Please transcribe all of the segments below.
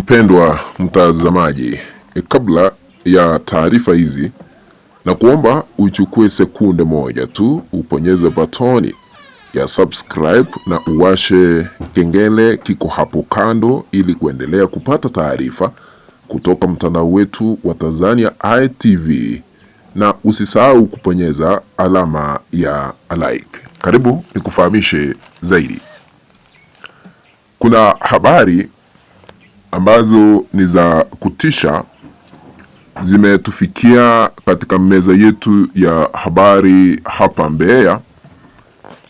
Mpendwa mtazamaji, e, kabla ya taarifa hizi na kuomba uchukue sekunde moja tu uponyeze batoni ya subscribe na uwashe kengele kiko hapo kando, ili kuendelea kupata taarifa kutoka mtandao wetu wa Tanzania Eye TV, na usisahau kuponyeza alama ya like. Karibu nikufahamishe zaidi. Kuna habari ambazo ni za kutisha zimetufikia katika meza yetu ya habari hapa Mbeya,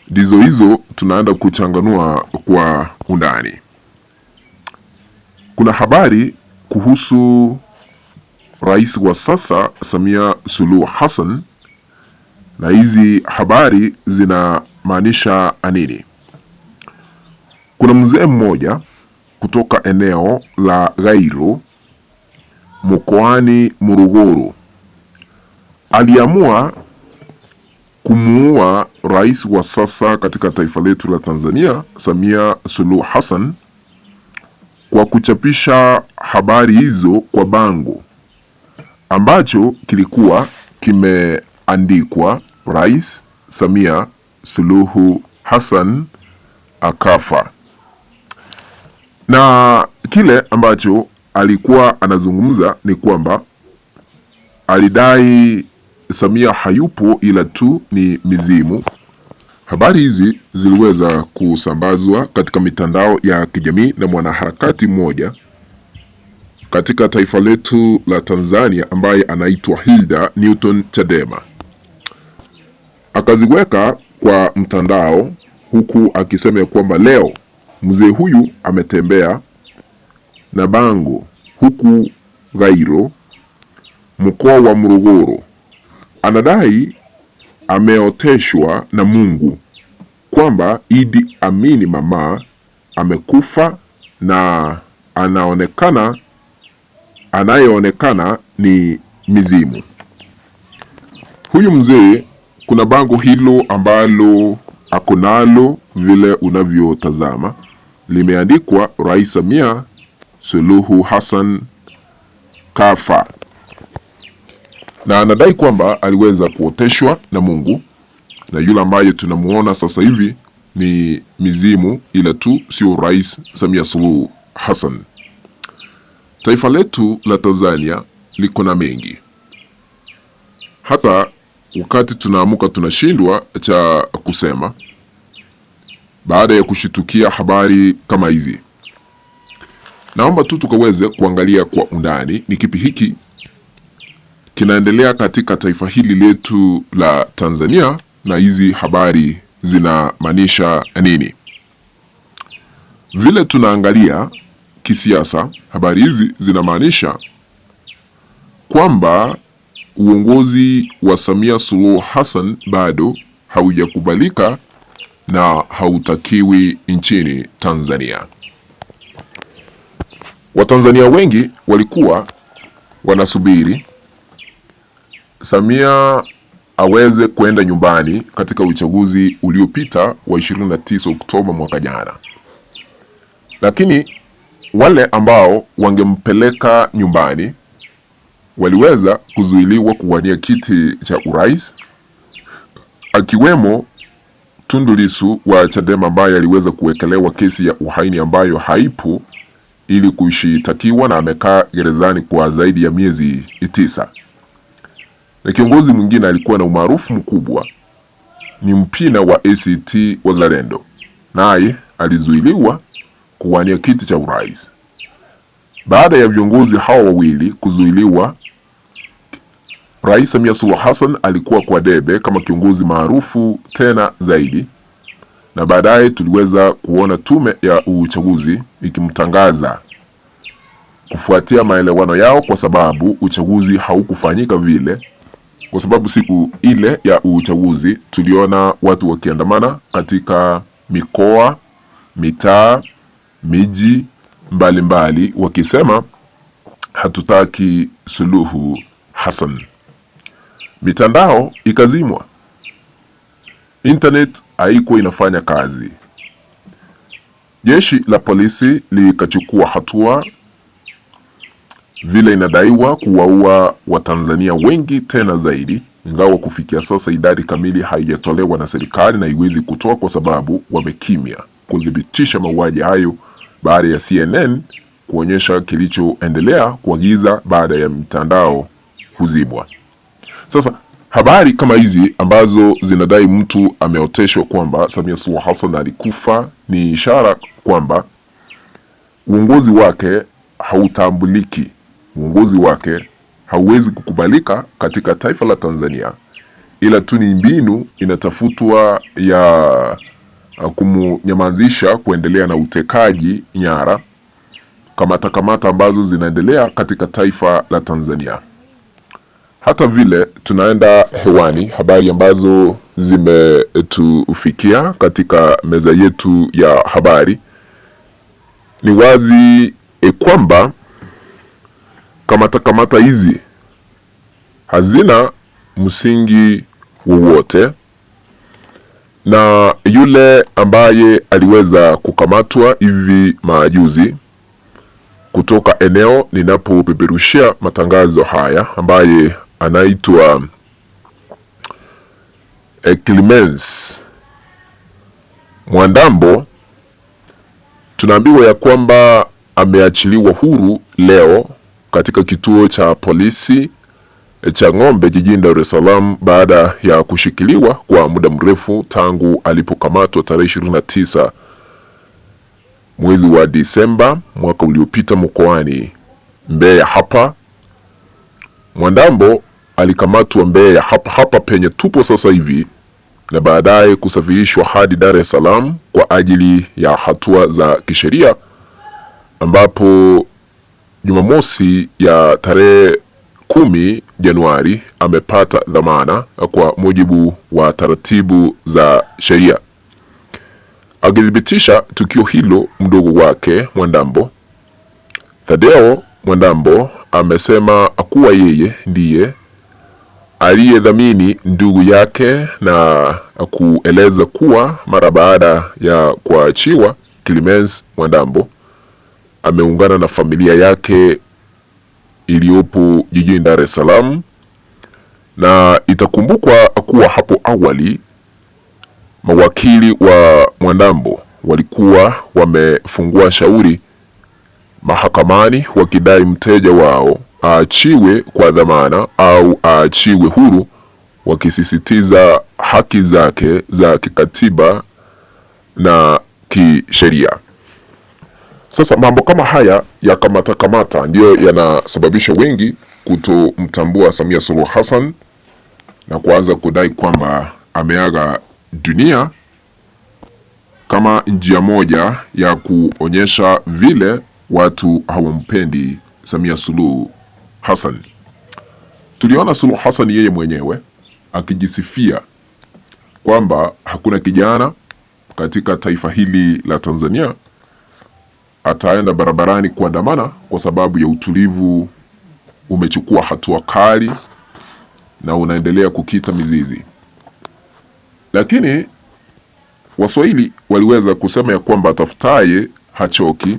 ndizo hizo tunaenda kuchanganua kwa undani. Kuna habari kuhusu rais wa sasa Samia Suluhu Hassan, na hizi habari zinamaanisha nini? Kuna mzee mmoja kutoka eneo la Gairo mkoani Morogoro aliamua kumuua rais wa sasa katika taifa letu la Tanzania, Samia Suluhu Hassan kwa kuchapisha habari hizo kwa bango ambacho kilikuwa kimeandikwa Rais Samia Suluhu Hassan akafa na kile ambacho alikuwa anazungumza ni kwamba alidai Samia hayupo ila tu ni mizimu. Habari hizi ziliweza kusambazwa katika mitandao ya kijamii na mwanaharakati mmoja katika taifa letu la Tanzania ambaye anaitwa Hilda Newton Chadema, akaziweka kwa mtandao huku akisema kwamba leo Mzee huyu ametembea na bango huku Gairo, mkoa wa Morogoro. Anadai ameoteshwa na Mungu kwamba Idi Amini mama amekufa na anaonekana anayeonekana ni mizimu. Huyu mzee kuna bango hilo ambalo akonalo vile unavyotazama limeandikwa Rais Samia Suluhu Hassan kafa, na anadai kwamba aliweza kuoteshwa na Mungu, na yule ambaye tunamuona sasa hivi ni mizimu, ila tu sio Rais Samia Suluhu Hassan. Taifa letu la Tanzania liko na mengi, hata wakati tunaamka tunashindwa cha kusema baada ya kushitukia habari kama hizi. Naomba tu tukaweze kuangalia kwa undani ni kipi hiki kinaendelea katika taifa hili letu la Tanzania na hizi habari zinamaanisha nini. Vile tunaangalia kisiasa, habari hizi zinamaanisha kwamba uongozi wa Samia Suluhu Hassan bado haujakubalika na hautakiwi nchini Tanzania. Watanzania wengi walikuwa wanasubiri Samia aweze kwenda nyumbani katika uchaguzi uliopita wa 29 Oktoba mwaka jana, lakini wale ambao wangempeleka nyumbani waliweza kuzuiliwa kuwania kiti cha urais akiwemo Tundu Lissu wa Chadema ambaye aliweza kuwekelewa kesi ya uhaini ambayo haipo ili kuishitakiwa na amekaa gerezani kwa zaidi ya miezi tisa. Na kiongozi mwingine alikuwa na umaarufu mkubwa ni Mpina wa ACT Wazalendo, naye alizuiliwa kuwania kiti cha urais. Baada ya viongozi hao wawili kuzuiliwa Rais Samia Suluhu Hassan alikuwa kwa debe kama kiongozi maarufu tena zaidi, na baadaye tuliweza kuona tume ya uchaguzi ikimtangaza kufuatia maelewano yao, kwa sababu uchaguzi haukufanyika vile, kwa sababu siku ile ya uchaguzi tuliona watu wakiandamana katika mikoa, mitaa, miji mbalimbali, wakisema hatutaki Suluhu Hassan mitandao ikazimwa, internet haikuwa inafanya kazi. Jeshi la polisi likachukua hatua, vile inadaiwa kuwaua Watanzania wengi tena zaidi, ingawa kufikia sasa idadi kamili haijatolewa na serikali na haiwezi kutoa kwa sababu wamekimya kuthibitisha mauaji hayo baada ya CNN kuonyesha kilichoendelea kuagiza baada ya mtandao kuzibwa. Sasa habari kama hizi ambazo zinadai mtu ameoteshwa kwamba Samia Suluhu Hassan alikufa ni ishara kwamba uongozi wake hautambuliki, uongozi wake hauwezi kukubalika katika taifa la Tanzania, ila tu ni mbinu inatafutwa ya uh, kumnyamazisha kuendelea na utekaji nyara, kamata kamata ambazo zinaendelea katika taifa la Tanzania. Hata vile tunaenda hewani, habari ambazo zimetufikia katika meza yetu ya habari, ni wazi e kwamba kamata kamata hizi hazina msingi wowote, na yule ambaye aliweza kukamatwa hivi majuzi kutoka eneo ninapopeperushia matangazo haya ambaye anaitwa e, Clemens Mwandambo tunaambiwa ya kwamba ameachiliwa huru leo katika kituo cha polisi cha Ng'ombe jijini Dar es Salaam baada ya kushikiliwa kwa muda mrefu tangu alipokamatwa tarehe 29 mwezi wa Disemba mwaka uliopita mkoani Mbeya hapa. Mwandambo alikamatwa Mbeya ya hapa hapa penye tupo sasa hivi na baadaye kusafirishwa hadi Dar es Salaam kwa ajili ya hatua za kisheria, ambapo Jumamosi ya tarehe kumi Januari amepata dhamana kwa mujibu wa taratibu za sheria. Akithibitisha tukio hilo, mdogo wake Mwandambo Thadeo Mwandambo amesema akuwa yeye ndiye aliyedhamini ndugu yake na kueleza kuwa mara baada ya kuachiwa Clemens Mwandambo ameungana na familia yake iliyopo jijini Dar es Salaam, na itakumbukwa kuwa hapo awali mawakili wa Mwandambo walikuwa wamefungua shauri mahakamani wakidai mteja wao aachiwe kwa dhamana au aachiwe huru, wakisisitiza haki zake za kikatiba na kisheria. Sasa mambo kama haya ya kamata kamata ndiyo yanasababisha wengi kutomtambua Samia Suluhu Hassan na kuanza kudai kwamba ameaga dunia kama njia moja ya kuonyesha vile watu hawampendi Samia Suluhu Hassan. Tuliona Suluhu Hassan yeye mwenyewe akijisifia kwamba hakuna kijana katika taifa hili la Tanzania ataenda barabarani kuandamana kwa sababu ya utulivu umechukua hatua kali na unaendelea kukita mizizi. Lakini Waswahili waliweza kusema ya kwamba atafutaye hachoki,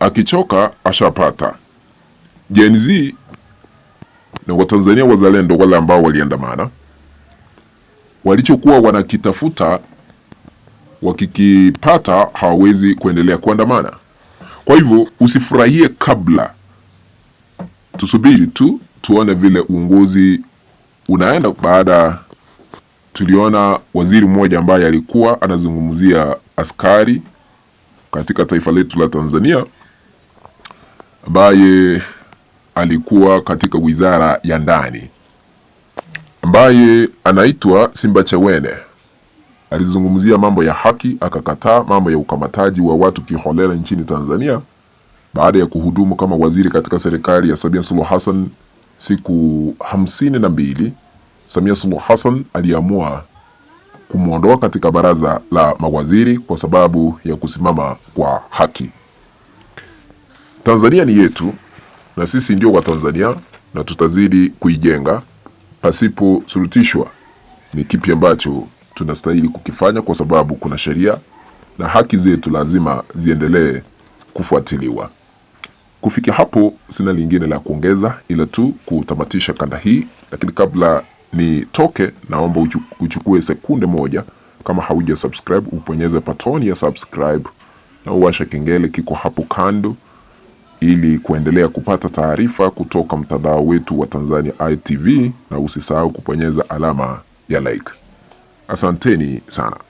akichoka ashapata. Gen Z na Watanzania wazalendo wale ambao waliandamana, walichokuwa wanakitafuta wakikipata hawawezi kuendelea kuandamana. Kwa hivyo usifurahie kabla, tusubiri tu tuone vile uongozi unaenda. Baada tuliona waziri mmoja ambaye alikuwa anazungumzia askari katika taifa letu la Tanzania ambaye alikuwa katika wizara ya ndani ambaye anaitwa Chewene Alizungumzia mambo ya haki, akakataa mambo ya ukamataji wa watu kiholela nchini Tanzania baada ya kuhudumu kama waziri katika serikali ya Samia Suluhu Hassan siku hamsini na mbili. Samia Suluhu Hassan aliamua kumwondoa katika baraza la mawaziri kwa sababu ya kusimama kwa haki. Tanzania ni yetu na sisi ndio Watanzania na tutazidi kuijenga pasipo surutishwa ni kipi ambacho tunastahili kukifanya, kwa sababu kuna sheria na haki zetu lazima ziendelee kufuatiliwa. Kufikia hapo, sina lingine la kuongeza ila tu kutamatisha kanda hii, lakini kabla nitoke, naomba uchukue sekunde moja, kama hauja subscribe, uponyeze patoni ya subscribe na uwashe kengele, kiko hapo kando ili kuendelea kupata taarifa kutoka mtandao wetu wa Tanzania itv na usisahau kubonyeza alama ya like. Asanteni sana.